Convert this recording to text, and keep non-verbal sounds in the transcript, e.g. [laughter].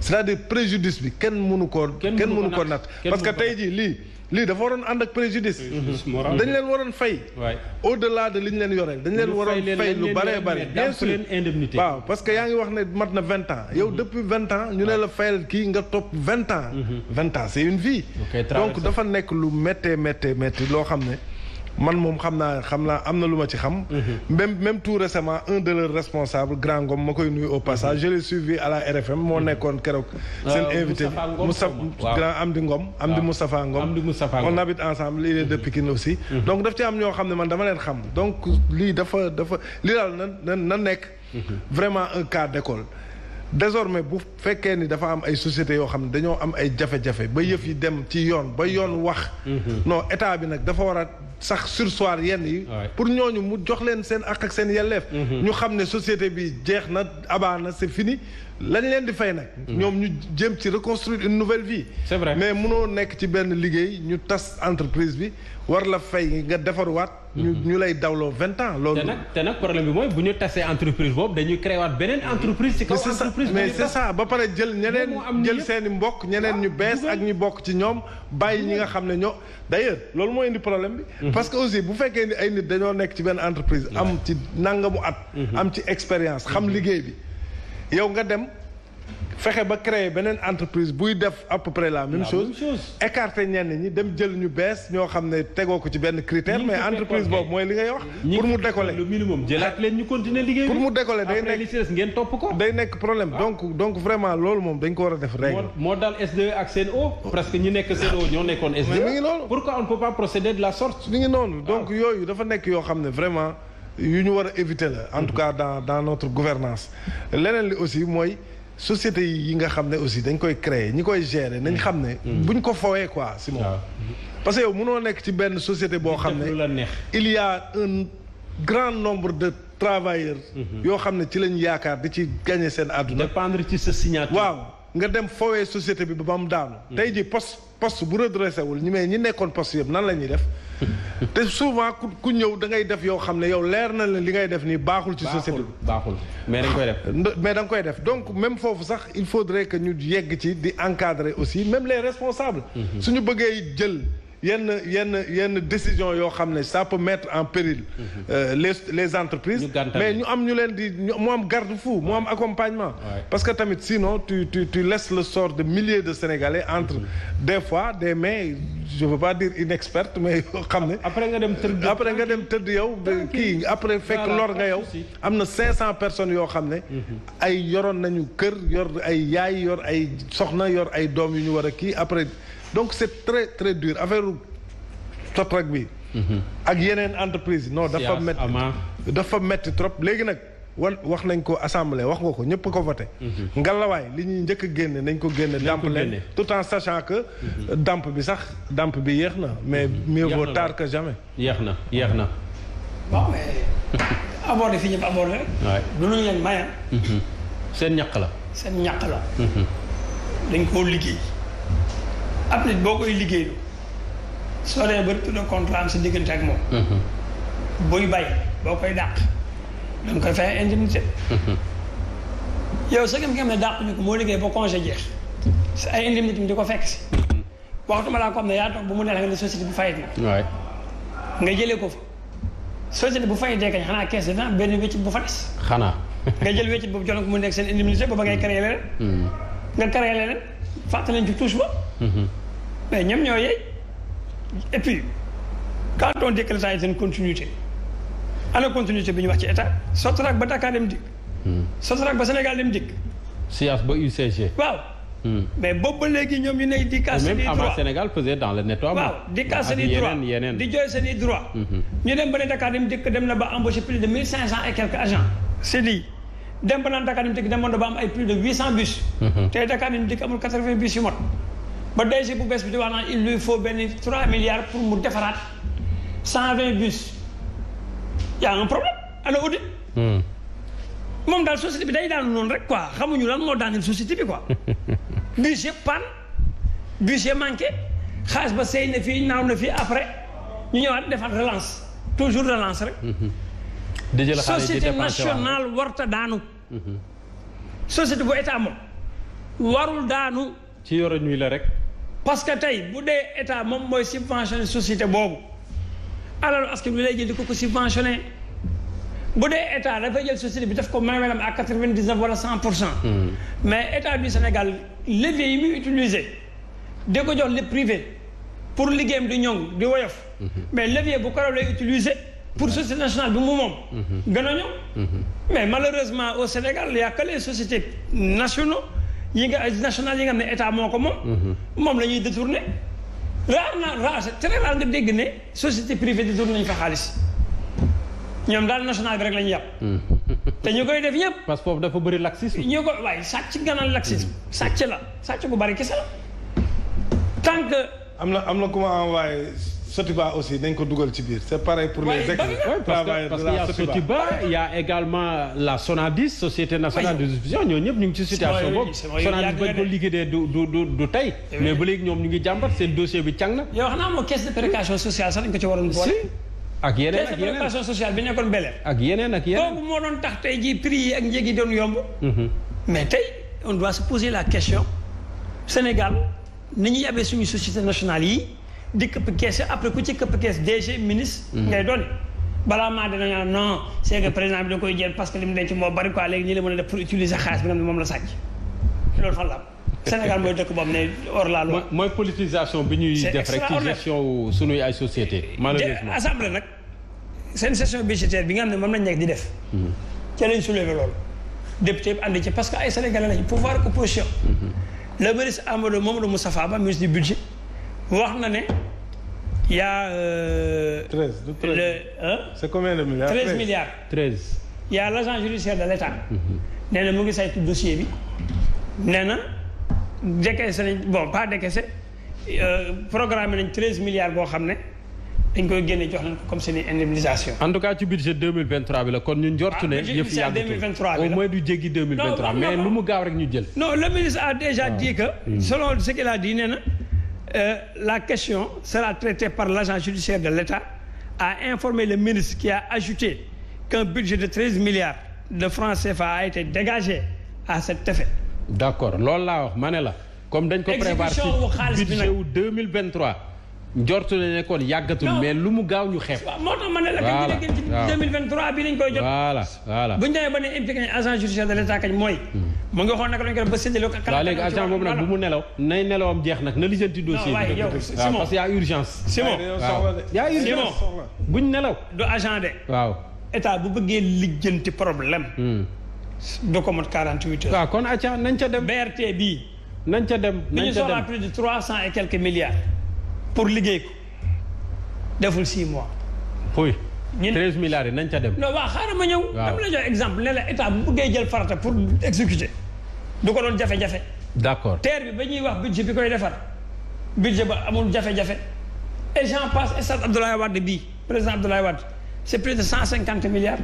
c'est-à-dire préjudice bi kenn mënu koo kenn mënu ko natt parce que tey jii lii lii dafa waroon ànd ak préjudice dañ leen waroon fay au delà de li ñu leen yoreel dañ leen waroon fay lu bare bare bien sûr indemnité waaw parce que yaa ngi wax ne mat na vingt ans yow mhm. depuis vingt ans ñu ne la fayal kii nga topp vingt ans mhm. vingt ans c'est une vie donc dafa nekk lu méttee méttee métti loo xam ne man moom xam naa xam naa am na lu ma ci xam. Mhm. même même tout récemment un de leurs responsables Grand Ngom ma koy nuyu au passage mhm. je l'ai suivi à la RFM moo mhm. nekkoon keroog. Euh, seen invité bi Moustapha am Amdi Ngom. Amdi Moustapha Ngom on habite ensemble il est de Pikine aussi. donc daf ci am ñoo xam ne man dama leen xam donc lii dafa dafa lii daal na na na nekk. vraiment un cas d'école. désormais bu fekkee ni dafa am ay sociétés yoo xam ne dañoo am ay jafe-jafe ba yëf yi dem ci yoon ba yoon wax. Mhm. non état bi nag dafa war a sax sursoir yenn yi. pour ñooñu mu jox leen seen ak ak seen yelleef. Mhm. ñu xam ne société bi jeex na abaana c'est fini lañ leen di fay nag. Mhm. ñoom ñu jëm ci reconstruire une nouvelle vie. c'est mais munoo nekk ci benn liggéey ñu tas entreprise bi war la fay nga defaruwaat. ñu ñu lay dawloo vingt ans. loolu te nag te nag problème bi mooy bu ñu tasee entreprise boobu dañuy créé waat beneen mm-hmm. entreprise. ci kaw entreprise mais c'est ça ba pare jël ñeneen jël seeni mbokk ñeneen ñu bees ak ñu bokk ci ñoom bàyyi ñi nga xam ne ñoo d'ailleurs loolu moo indi problème bi. Mm-hmm. parce que aussi bu fekkee ni ay nit dañoo nekk ci benn entreprise. am ci nangamu at. Mm-hmm. am ci expérience xam liggéey bi yow nga dem. fexe ba créer beneen entreprise buy def à peu la même chose écarter ñenn ñi dem jël ñu bees ñoo xam ne tegoo ko ci benn critère mais entreprise boobu mooy li ngay wax pour mu décoller le minimum jëlaat leen ñu continuer liggéey pour mu décoller day nekk ngeen topp ko day nekk problème ah. donc donc vraiment loolu moom dañ ko war a def règle moo daal SDE ak CNO presque ñi nekk CNO ñoo nekkoon SDE mi ngi noonu pourquoi on ne peut pas procéder de la sorte mi ngi noonu ah. donc yooyu dafa nekk yoo xam ne vraiment yu ñu war a éviter la en mm-hmm. tout cas dans dans notre gouvernance leneen li aussi mooy société yi nga xam ne aussi dañ koy créer ñi koy gérer nañ mm. xam ne. Mm. buñ ko fowee quoi Simon. parce que munoo nekk ci benn société boo xam ne il y a un grand nombre de travailleurs. Mm-hmm. yoo xam ne ci lañ yaakaar di ci gagner seen àdduna. dépendre ci sa signature. waaw nga dem fowee société bi ba mu daanu. Mm. tey ji poste poste bu redressé wul ñi mais ñi nekkoon post yëpp nan la ñuy def. [laughs] [laughs] te souvent ku ku ñëw da ngay def yoo xam ne yow leer na la li ngay def nii baaxul ci société bi baaxul mais dañ koy def mais da nga koy def donc même foofu sax il faudrait que ñu yegg ci di encadrer aussi même les mm-hmm. su ñu bëggee jël yenn yenn yenn décision yoo xam ne ça peut mettre en péril mhm. euh, les les entreprises mais ñu am ñu leen di mu am garde-fou mu am accompagnement parce que tamit sinon tu tu tu le sort de milliers de Sénégalais entre mhm. des fois des mains je veux pas dire inexpertes mais [laughs] yoo xam ne après nga dem tëdd [laughs] après nga dem tëdd yow kii après fekk lor nga yow am na cinq cent personnes yoo xam ne mhm. ay yoroon nañu kër yor ay yaay yor ay soxna yor ay doom yu ñu war a kii après donc c' est très très dur affaire Sotrac bi. ak yeneen entreprise non dafa métti dafa métti trop léegi nag wa wax nañ ko assemblée wax nga ko ñëpp ko voté. Mhm. ngalawaay li ñuy njëkk a génne nañ ko génne. damp leen tout en sachant que. Mhm. dàmp bi sax dàmp bi yéex na mais. Mhm. mieux vaut tard jamais. yéex na yéex na. bon [laughs] fi ñu leen seen ñaq la. seen ñaq la. dañ koo liggéey. ab boo koy liggéeylu soo demee ba rupture de contrat am sa diggante ak moom. Mhm. buy bay boo koy dàq da koy fay indemnité. Mhm. yow sa ngeen nga ne dàq ñu ko moo liggéey ba congé jeex ay indemnité di ko fekk si. waxtu ma laa ko xam ne ba mu neex nga ne bu fayit na. nga jëlee ko fa. société bu fayitee kañ xanaa kees dina benn wéccit bu fa des. xanaa. jël wéccit boobu joxe ko mu nekk seen indemnité ba ba ngay mhm. créé leneen. nga créé leneen fàttali leen ci touche ba. mais ñoom ñoo yey et puis quand on dit que l'état est une continuité ana continuité bi ñu wax ci état Sotrac ba Dakar dem dikk. Hmm. Sotrac ba Sénégal dem dikk. SIAS ba UCG. waaw. Hmm. boobu ba léegi ne di i droit même avant Sénégal pesait dans le nettoiement. di i droit di jooy seen i droit. ñu dem ba ne Dakar dem dikk dem na ba embauché plus de mille cinq cent et quelques agents. c'est dit dem ba naan Dakar dem dikk demoon na ba am ay plus de huit cent bus. Hmm, tey Dakar dem dikk amul quatre-vingts bus yu mot. ba DG bu bees bi di wax naan il lui faut benn 3 milliards pour mu defaraat 120 bus y a un problème à l'audit. Hmm. moom daal société bi day daanu noonu rek quoi xamuñu lan moo daaneel société bi quoi. [laughs] budget pan budget manqué xaalis ba sey na fii naaw na fii après ñu ñëwaat defaat relance toujours relance rek. Hmm. di jël xaalis société nationale warta daanu. Hmm. société bu état moom warul daanu. ci yoroon wi la rek. parce que tey bu dee état moom mooy subventionné société boobu alors askan wi lay jël di ko ko subventionné bu dee état dafay jël société bi def ko maanaam à quatre vingt dix neuf wala cent pour hmm. mais état du Sénégal levier yi muy utiliser di ko jox le privé pour liggéeyam di ñoŋ di woyof. Hmm. mais levier bu ko lay utiliser. pour société nationale bi mu moom. Hmm. gën a ñoŋ. mais malheureusement au Sénégal y a que les yi nga national yi nga xam ne état moo ko moom. Mhm. moom la ñuy détourné. raar na raar très rare nga dégg ne société privée détourné nañu fa xaalis ñoom daal national bi rek la ñuy yàpp. Mhm. te ñu koy def yëpp. parce que foofu dafa bëri laxisme. ñu ko waaye sàcc ganal laxisme. Mhm. sàcc la sàcc ko bari kese la tant que. am na am na ku ma envoyé. Sotiba aussi dañ ko dugal ci biir c'est pareil pour les ex-travailleurs parce a Sotiba la Sonadis société nationale de diffusion ñoo ñëpp ñu ngi ci situation boobu Sonadis bañ ko liggéeyee du du tey eh mais ba léegi ñoom ñu ngi jàmbat seen dossier bi càng na yow xanaa moo caisse de précaution sociale sax dañ ko ci waroon boole ak yeneen ak yeneen bi nekkoon Bel ak yeneen ak yeneen kooku moo doon tax tey jii prix yi ak njëg yi doon yomb mhm. mais tey on doit se poser la question Sénégal ni ñu yabee suñu société nationale yi di këpp kees après ku ci këpp kees DG ministre. Mhm. ngay dolli. balaa maa danañu naan non c'est que président bi da koy jël parce que li mu denc moo bari quoi a def pour utiliser xaalis bi nga xam ne moom la sàcc loolu fan la [laughs] Sénégal mooy dëkk boobu ne hors la mooy politisation bi ñuy def rek ci gestion sunuy ay société malheureusement assemblée nag seen session budgétaire bi nga xam ne moom lañ nekk di def. Mhm. ca lañ soulever loolu. député bi ànd ci parce que ay sénégalais lañ pouvoir opposition. Mhm. le ministre Amadou Mamadou Moustapha Ba wax na ne y' a. Euh, 13 du 13 le milliards 13 milliards. 13. y' a l' agent judiciaire de l' état. Mhm. mu ngi saytu dossier bi. nee na décaissé nañ bon pas décaissé euh, programme nañ 13 milliards boo xam ne. dañ koy génne jox leen comme seen indemnisation. en tout cas ci budget 2023 bi la kon ñu njortu ne. Ah, yëf yàggatul au moins du jéggi 2023. mais lu mu gaaw rek ñu jël. non le ministre a déjà ah. dit mm. selon ce qu'il nee na. euh, la question sera traitée par l'agent judiciaire de l'État a informé le ministre qui a ajouté qu'un budget de 13 milliards de francs CFA a été dégagé à cet effet. D'accord loolu laa wax ma ne la comme dañ ko prévoir ci budget wu 2023 njortu na ne yàggatul mais lu mu gaaw ñu xeeb. waaw moo tax ma ne la kañ ñu ci 2023 bi dañ koy jot. voilà voilà bu ñu demee ba ne impliqué agent judiciaire de l'État kañ mooy. Hmm. mu ngi xool nag lañ ko def ba séddale ko. waaw léegi agent boobu mu nelaw. nay jeex nag na lijjanti dossier bi. yow Simon parce que y' a urgence. Simon waaw y' nelaw. du agent de. waaw état bu bëggee lijjanti problème. Hmm. du ko mot 48 heures. waaw kon agent nañ ca dem. BRT bii. nañ ca dem nañ ca dem bi plus de 300 et quelques milliards. pour liggéey ko deful 6 mois. ñun 13 milliards yi nañ ca dem. non waaw xaaral ma ñëw. dama la jox exemple ne la état bu bëggee jël farata pour exécuter. du ko doon jafe-jafe. d' accord terre bi ba ñuy wax budget bi koy defar. budget ba amul jafe-jafe. et j'en passe stade Abdoulaye Wade bii président Abdoulaye Wade c' est plus de 150 milliards.